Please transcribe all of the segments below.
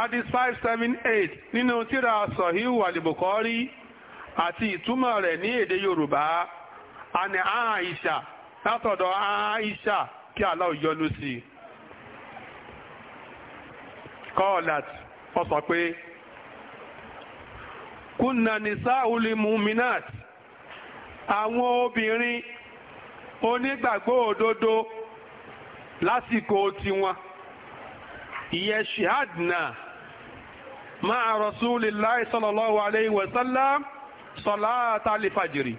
hadith 578 nínú tíra sọ̀híwà al-Bukhari àti ìtumọ̀ rẹ̀ ní èdè Yorùbá àni Àìṣà látọ̀dọ̀ Àìṣà kí Allah yọ́nú sí kọ́ọ̀lát ó sọ pé kúnnà nisa'ul mu'minat àwọn obìnrin onígbàgbọ́ òdodo lásìkò tiwọn ìyẹn shihadna مع رسول الله صلى الله عليه وسلم صلاة الفجر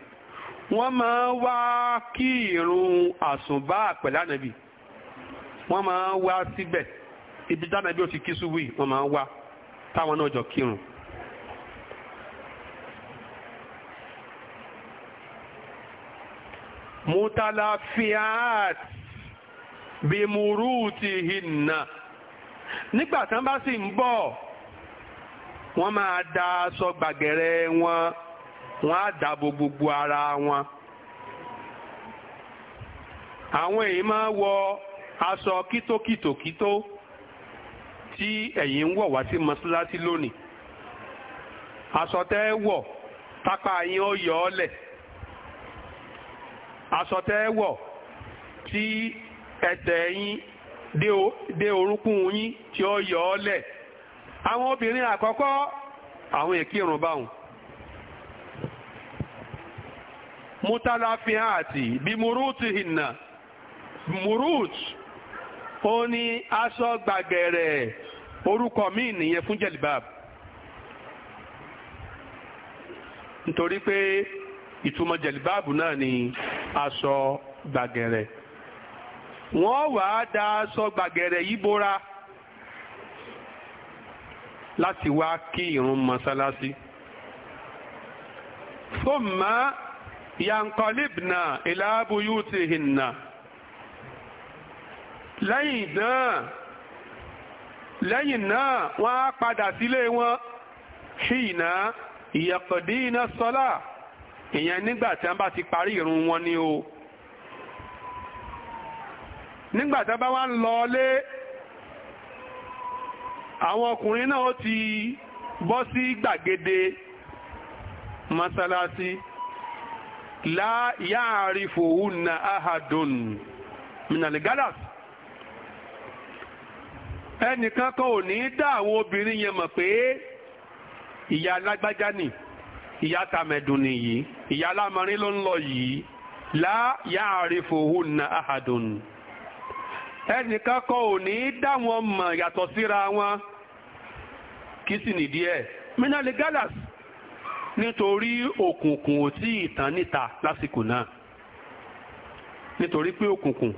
wọ́n máa wá kí irun àsùnbá pẹ̀lú ànàbì wọ́n máa wá síbẹ̀ ibi tánàbí ò ti kí ṣubú yìí wọ́n máa wá táwọn náà jọ kírun. mutalafiat bimuruti hinna nígbà bá sì ń bọ̀ wọ́n máa da aṣọ gbàgẹ̀rẹ̀ wọn wọ́n á dàbò gbogbo ara wọn. àwọn èyí máa wọ aṣọ kítòkítòkítò tí ẹ̀yin ń wọ̀ wá sí mọ́ṣáláṣí lónìí. aṣọ tẹ́ ẹ wọ̀ pápá yín ó yọ ọ́ lẹ̀. aṣọ tẹ́ ẹ wọ̀ tí ẹsẹ̀ yín dé orúnkún yín tí ó yọ ọ́ lẹ̀. àwọn obìnrin àkọ́kọ́ àwọn èkírun báhùn mútàláfíà àti bí murútù ìnà murút ó ní aṣọ gbàgẹ̀rẹ̀ orúkọ míì nìyẹn fún jẹ̀lìbáàbù nítorí pé ìtumọ̀ jẹ̀lìbáàbù náà ni aṣọ gbàgẹ̀rẹ̀ wọ́n wàá da aṣọ gbàgẹ̀rẹ̀ yìí láti wá kí irun mọ́sálásí. thumma yanqalibna ila buyutihinna lẹ́yìn na lẹ́yìn náà wọ́n á padà sílé wọn ṣìnà ìyẹ̀kọ̀dí iná sọ́lá ìyẹn nígbà tí bá ti parí irun wọn ni o nígbà tí bá wá ń lọ lé àwọn ọkùnrin náà ti bọ́ sí gbàgede masalasi láyàárífòhù na ahadun minaligalas ẹnìkan kan ò ní dá àwọn obìnrin yẹn mọ̀ pé ìyá alágbájá ni ìyá tàmẹ̀dùn nìyí ìyá alámarin ló ń lọ yìí na ahadun ẹnìkan kan ò ní dá wọn mọ̀ yàtọ̀ síra wọn. kí sì nìdí ẹ̀ minali galas nítorí òkùnkùn ò tí ì tán níta lásìkò náà nítorí pé òkùnkùn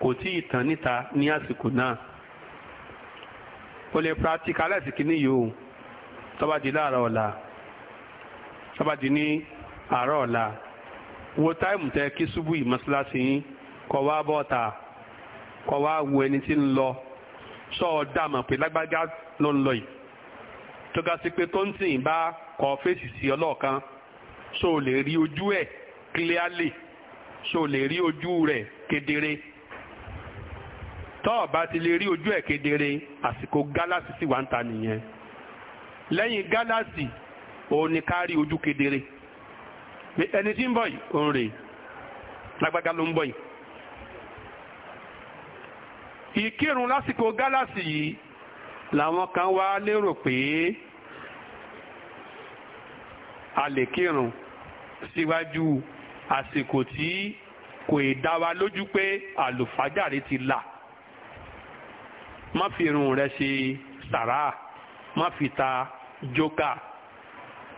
kò tí ì tán níta ní àsìkò náà o lè practicalize kìíní yìí o tó bá di láàárọ̀ ọ̀la tó bá di ní àárọ̀ ọ̀la wo táìmù tẹ kí ṣubú yìí mọ́ṣáláṣí yín kọ wá bọ́ta kọ wá wo ẹni tí ń lọ sọ ọ dá mọ̀ pé lágbájá ló ń lọ yìí tó ga sí pé tó ń tìǹ bá kọ fèsì sí ọlọ́ọ̀kan so lè rí ojú ẹ̀ clearly so lè rí ojú rẹ̀ kedere tọ́ọ̀ bá ti lè rí ojú ẹ̀ kedere àsìkò gálásì sì wá ń ta nìyẹn lẹ́yìn gálásì òun ni ká rí ojú kedere ẹni tí ń bọ̀ yìí òun rèé lágbága ló ń bọ̀ yìí ìkírun lásìkò gálásì yìí làwọn kan wá lérò pé a lè kírun síwájú àsìkò tí kò ì dá wa lójú pé àlùfájàre ti là má fi irun rẹ ṣe sàrà má fi ta jókà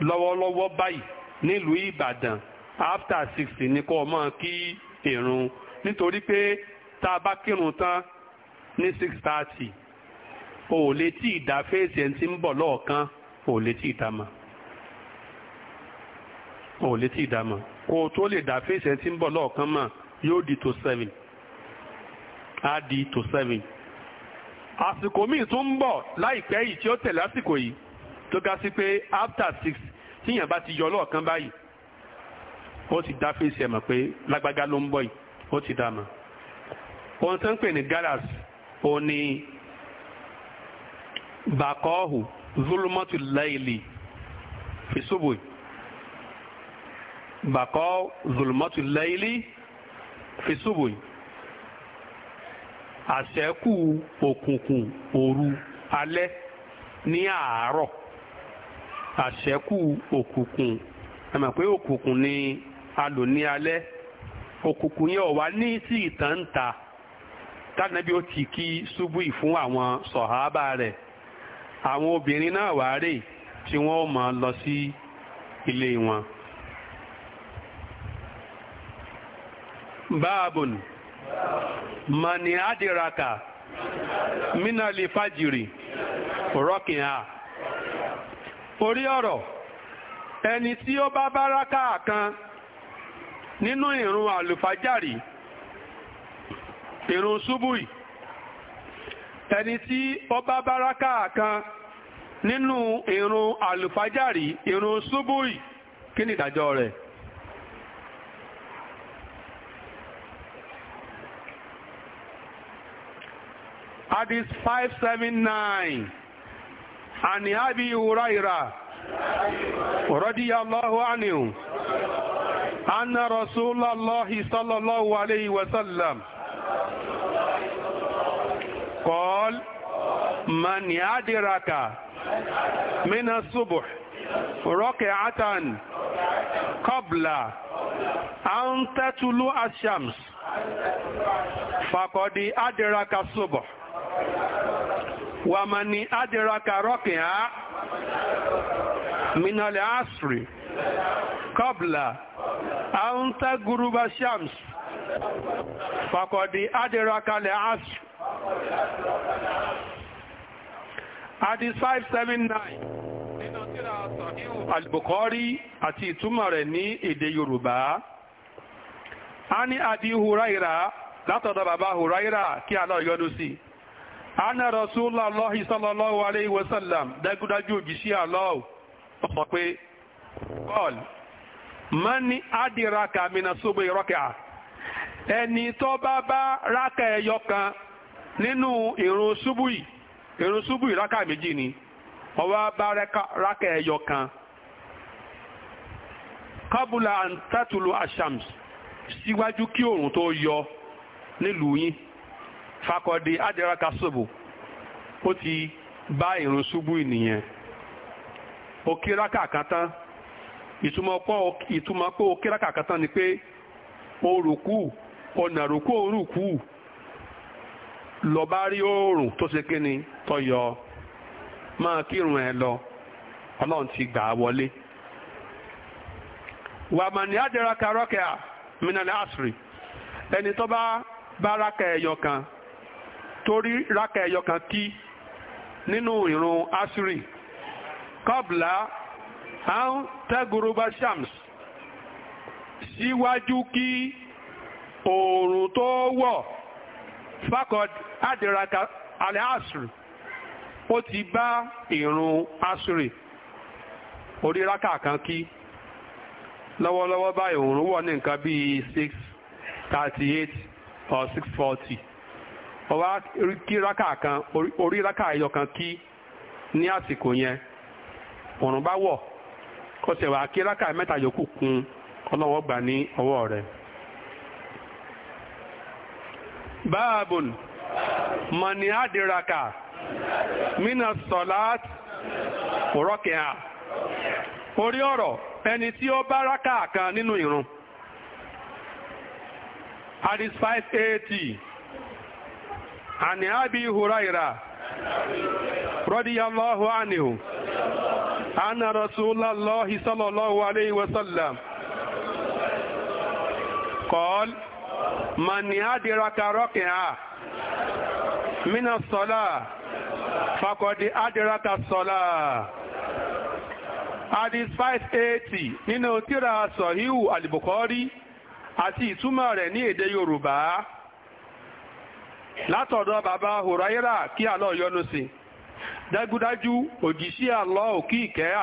lọ́wọ́lọ́wọ́ báyìí nílùú Ìbàdàn after six ni kó o máa kí irun nítorí pé tá a bá kírun tán ní six thirty o ò lè tí ì dá fèsì ẹni tí ń bọ̀ lọ́ọ̀kan o ò lè tí ì dá mọ̀ o ò lè tí ì dá mọ̀ kó o tó lè dá fèsì ẹni tí ń bọ̀ lọ́ọ̀kan mọ̀ yóò di to seven á di to seven àsìkò míì tún ń bọ̀ láìpẹ́ yìí tí ó tẹ̀lé àsìkò yìí tó ga sí pé after six tíyàn bá ti yọ lọ́ọ̀kan báyìí ó ti dá fèsì ẹ̀ mọ̀ pé lágbága ló ń bọ̀ yìí ó ti dá mọ̀ ohun tó ń pè ní galas ó ní bàkọ́ọ̀hù zulumatu layli fi subuhi bàkọ́ zulumatu layli fi subuhi àṣẹ́kù òkùnkùn òru alẹ́ ní àárọ̀ àṣẹ́kù òkùnkùn ẹ mọ̀ pé òkùnkùn ni a lò ní alẹ́ òkùnkùn yẹn ò wá ní sí ìtàn ń ta tánàbí ó ti kí ṣubú fún àwọn sọ̀hábà rẹ̀. àwọn obìnrin náà wàá rè tí wọ́n ma lọ sí ilé wọn. báàbùn mani adiraka mínàlì fàjìrì rọ́kìnà orí ọ̀rọ̀ ẹni tí ó bá báraka kan nínú ìrún alufajari ìrun ṣubúì ẹni tí ọba báraka kan nínú irun àlùfájàrí irun ṣubúì kí ni ìdájọ́ rẹ̀ Hadith 579 عن أبي هريرة رضي الله عنه أن رسول الله صلى الله قال من أدرك من الصبح ركعة قبل أن تطلع الشمس فقد أدرك الصبح ومن أدرك ركعة من العصر قبل أن تغرب الشمس فقد أدرك العصر Adi 579 Al-Bukhari àti ìtumọ̀ rẹ̀ ní èdè Yorùbá. A ní Adi Huraira látọ̀dọ̀ bàbá Huraira kí Allah yọ́nú sí. A ní Rasulullahi sallallahu alayhi wa sallam dágúdájú òjíṣẹ́ Allah sọ pé, Paul, man ni Adiraka mina subi raka. Ẹni tó bá bá rákà nínú ìrun ṣubúì ìrun ṣubúì rákà méjì ni ó wá bá rákà ẹyọ kan kábùlà àǹtàtùlù àṣàms síwájú kí òòrùn tó yọ nílùú yín fakọ̀dé adẹ́ráka ṣòbò ó ti bá ìrun ṣubúì nìyẹn ó kí rákà kan tán ìtumọ̀ rákà kan ni pé ó rùkú ó rùkú ó lọ bá rí oòrùn tó ṣe kíni tó yọ máa kírun ẹ lọ ọlọ́run ti gbà á wọlé. wàmàní àdéra karọ́kẹ́à minal asri ẹni tó bá bá rákà ẹyọ kan torí rákà ẹyọ kan kí nínú ìrun asri kọ́bùlà àwọn tẹ́gùrúbá shams síwájú kí oòrùn tó wọ̀ fakọd adiraka alẹ́ asr ó ti bá ìrun asr orí rákà kan kí lọ́wọ́lọ́wọ́ báyìí òun wọ̀ ní nǹkan bíi six thirty eight or six forty ó wá kí rákà kan orí rákà ẹyọ kan kí ní àsìkò yẹn òun bá wọ̀ kó sì wá mẹ́ta yòókù kún ọlọ́wọ́ gbà ní ọwọ́ rẹ̀. báàbùn mọ̀ní àdìràkà mínà sọ̀láàt rọ́kẹ̀á orí ọ̀rọ̀ ẹni tí ó bá rákà kan nínú ìrun hadith 580 àní àbí huraira rọ́díyàlọ́hù àníhù àná rasúlọ́lọ́hì sọ́lọ́lọ́hù aléìwọ̀sọ́lá kọ́ọ̀lù من أدرك ركعة من الصلاة فقد أدرك الصلاة Hadith 580 nínú tíra Sọ̀híhù Àlìbùkọ́rí àti ìtumọ̀ rẹ̀ ní èdè Yorùbá látọ̀dọ̀ bàbá Hùráírà kí Allah yọ́nú sí. Dájúdájú òjíṣẹ́ Allah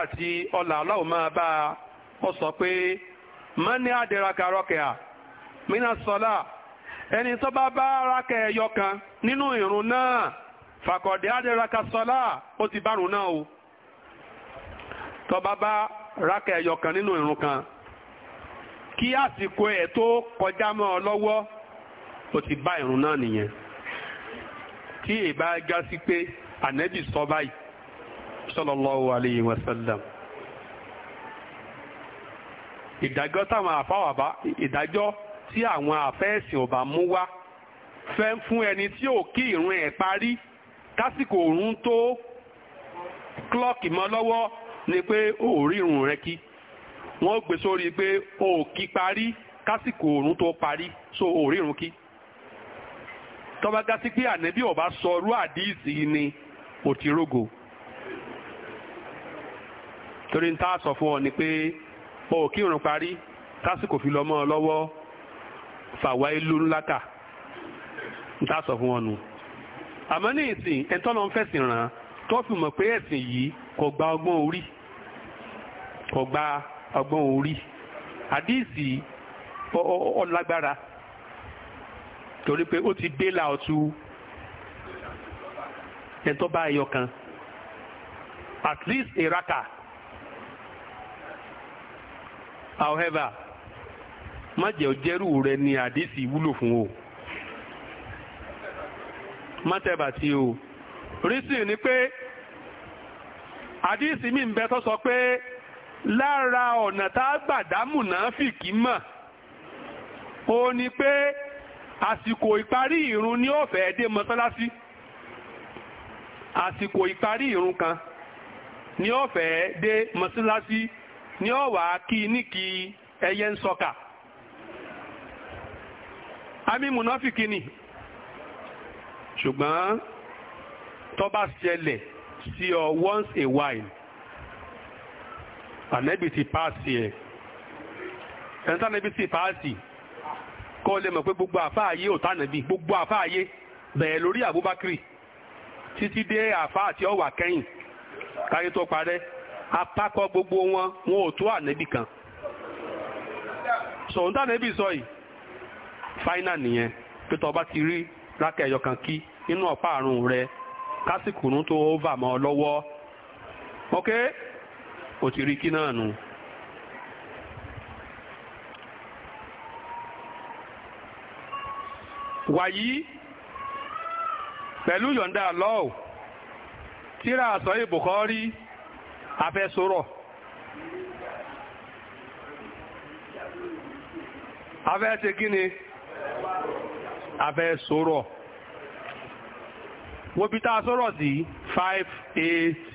àti ọlà máa ọ sọ pé, "Mọ́ ní mina sọlá ẹni tó bá bá raka ẹyọ kan nínú ìrun náà fàkọ̀dé adéraka sọlá ó ti bárun náà o tó bá bá raka ẹyọ kan nínú ìrun kan kí àsìkò ẹ̀ tó kọjá mọ́ ọ lọ́wọ́ ó ti bá ìrun náà nìyẹn tí ìbá já sí pé ànẹ́bì sọ báyìí sallallahu alayhi wa sallam ìdájọ́ táwọn àfáwàbá ìdájọ́ tí àwọn àfẹ́ẹ̀sìn ọba mú wá fẹ́ fún ẹni tí ò kí ìrun ẹ̀ parí kásìkò òrùn tó klọ́ọ̀kì mọ́ lọ́wọ́ ni pé ó rí ìrun rẹ kí wọ́n gbé sórí pé ó kí parí kásìkò òrùn tó parí so ó rí ìrun kí tọ́ba gásí pé ànẹ́bí ọba sọ ọrú àdíìsì ni òtírógò torí ń tá a sọ fún ọ ni pé ó kí ìrun parí kásìkò fi lọ ọ lọ́wọ́ fawailun laka n ta sọ fún wọn nu àmọ́ ní ìsìn ẹ̀tọ́ ló ń fẹ̀sìn ràn tó fi mọ̀ pé ẹ̀sìn yìí kò gba ọgbọ́n orí kò gba ọgbọ́n orí àdíìsì ọlágbára torí pé ó ti dé láòtú ẹ̀tọ́ bá ẹyọ kan at least a raka however má jẹ́ òjẹ́rù rẹ ni àdísì wúlò fún o má tẹ̀bà tí o rísì ni pé àdìsí mi ń bẹ tó sọ pé lára ọ̀nà tá a gbà dámù náà fìkì pé àsìkò ìparí ni ó dé mọ́sálásí àsìkò ìparí kan ni ó dé mọ́sálásí ni kí ní kí ẹyẹ ń àmì mùnáfìkì ni ṣùgbọ́n tó bá ṣẹlẹ̀ sí ọ once a while ànẹ́bì ti paasi ẹ̀ ẹ̀ńtà ànẹ́bì ti paasi kọ́ lè mọ̀ pé gbogbo àfáàyè ò tànàbì gbogbo àfáàyè bẹ̀rẹ̀ lórí Abubakar títí dé àfá àti ọwà kẹ́yìn káyé tó parẹ́ apákọ̀ gbogbo wọn wọn ò tó ànẹ́bì kan sọ̀ǹtà ànẹ́bì sọ yìí fáínà nìyẹn pé tó bá ti rí rákà ẹyọ kí nínú ọ̀pá àrùn rẹ kásìkò kásìkùnú tó óvà mọ́ ọ lọ́wọ́ ok o ti rí kí náà nù. wàyí pẹ̀lú yọ̀ǹda lọ́ọ̀ tíra àsọ rí. afẹ́sọ̀rọ̀ afẹ́sẹ̀ kí ni. afẹ́ sọ̀rọ̀ wo bí tá a sọ̀rọ̀ sí five ac.